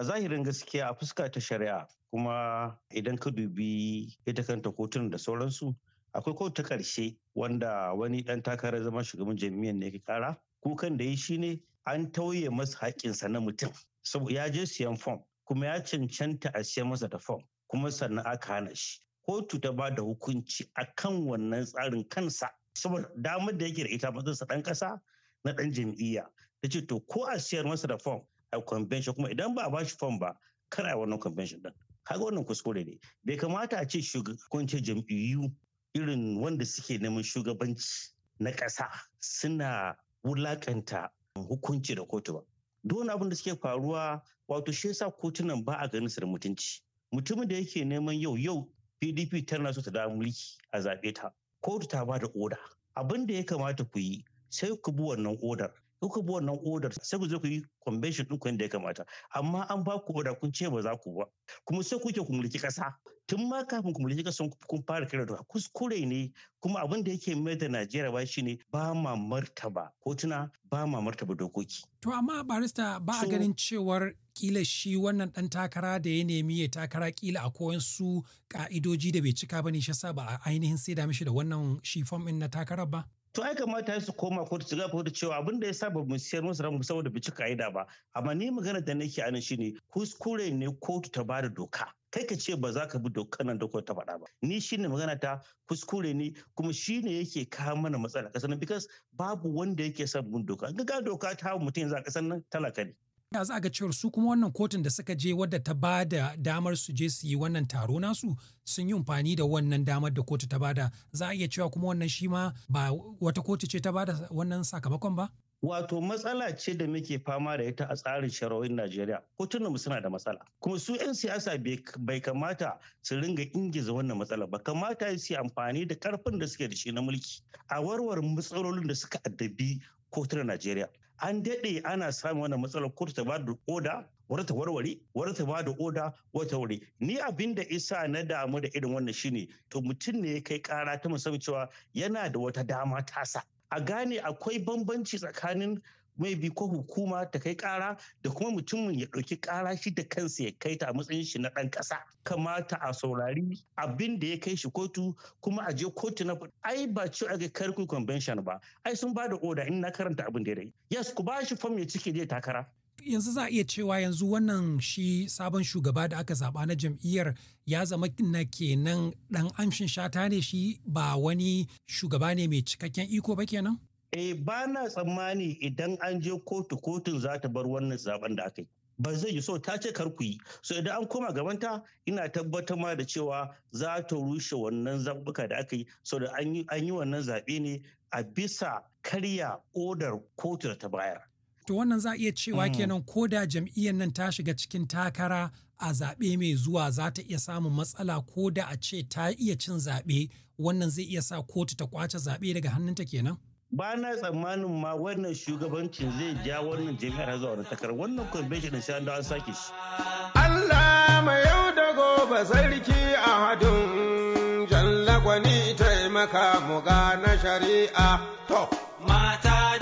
a zahirin gaskiya a fuska ta shari'a kuma idan ka dubi ita kanta kotun da sauransu akwai kotu ta ƙarshe wanda wani ɗan takarar zama shugaban jami'an ne ya kara kukan da ya shi ne an tauye masa haƙƙinsa na mutum saboda ya je siyan fom kuma ya cancanta a siyan masa da fom kuma sannan aka hana shi kotu ta ba da hukunci kan wannan tsarin kansa saboda damar da yake da ita matsayinsa ɗan ƙasa na ɗan jam'iyya ta ce to ko a siyar masa da fom a convention kuma idan ba a bashi fom ba kar a wannan convention din kaga wannan kuskure ne bai kamata a ce shugabanci jam'iyyu irin wanda suke neman shugabanci na ƙasa suna wulakanta hukunci da kotu ba don abin da suke faruwa wato shi yasa kotunan ba a ganin su da mutunci mutumin da yake neman yau yau pdp tana so ta da mulki a zaɓe ta kotu ta bada oda abin da ya kamata ku yi sai ku bi wannan odar kuka bi wannan odar sai ku zo ku yi convention ɗin da ya kamata amma an ba ku oda kun ce ba za ku ba kuma sai kuke ku mulki ƙasa tun ma kafin ku mulki ƙasan kun fara kira da kuskure ne kuma abin da yake mai da Najeriya ba shine ba ma martaba kotuna ba ma martaba dokoki. To amma barista ba a ganin cewar kila shi wannan ɗan takara da ya nemi ya takara kila a su ka'idoji da bai cika ba ne shi ba a ainihin sai da mishi da wannan shi fom ɗin na takarar ba? to ai kamata su koma kotu su gafa da cewa abin da ya sa ba mu siyar musu ranar saboda bici ka'ida ba amma ni magana da nake anan shine kuskure ne kotu ta bada doka kai ka ce ba za ka bi dokar nan da kotu ta faɗa ba ni shine magana ta kuskure ne kuma shine yake kawo mana matsala kasan nan because babu wanda yake son bin doka ga doka ta mutum yanzu a kasan nan talaka ne ya za ga cewar su kuma wannan kotun da suka je wadda ta ba da damar su je su yi wannan taro nasu sun yi amfani da wannan damar da kotu ta bada za a iya cewa kuma wannan shi ma ba wata kotu ce ta ba da wannan sakamakon ba Wato matsala ce da muke fama da ita a tsarin shari'o'in Najeriya. Kotunanmu suna da matsala. Kuma su 'yan siyasa bai kamata su ringa ingiza wannan matsala ba. Kamata su yi amfani da karfin da suke da shi na mulki a warware matsalolin da suka addabi kotunan Najeriya. an daɗe ana samun wannan matsalar kotu ta ba da oda wata ta warware wata ta ba da oda wata ware. ni abin da isa na damu da irin wannan shine to mutum ne ya kai kara ta musamman cewa yana da wata dama tasa a gane akwai bambanci tsakanin mai bi ko hukuma ta kai kara da kuma mutumin ya ɗauki kara shi da kansa ya kai ta a matsayin shi na ɗan kasa kamata a saurari abin da ya kai shi kotu kuma a je kotu na ai ba ci a ga karku convention ba ai sun ba da oda in na karanta abin da ya yes ku ba shi fam ya cike zai takara yanzu za a iya cewa yanzu wannan shi sabon shugaba da aka zaba na jam'iyyar ya zama na kenan dan amshin shata ne shi ba wani shugaba ne mai cikakken iko ba kenan eh ba na tsammani idan an je kotu kotun za ta bar wannan zaben da aka yi ba zai yi so ta ce kar ku yi so idan an koma gabanta ina tabbatar ma da cewa za ta rushe wannan zabuka da aka yi so da an yi wannan zaɓe ne a bisa karya odar kotu da ta bayar to wannan za a iya cewa hmm. kenan ko da jam'iyyar nan ta shiga cikin takara a zaɓe mai zuwa za ta iya samun matsala ko da a ce ta iya cin zaɓe wannan zai iya sa kotu ta kwace zaɓe daga hannunta kenan ba na tsammanin ma wannan shugabancin zai ja wannan jami'ar zuwa wani takar wannan convention din sai an an sake shi Allah mai yau da gobe sarki a hadin jallagwani taimaka mu ga na shari'a to mata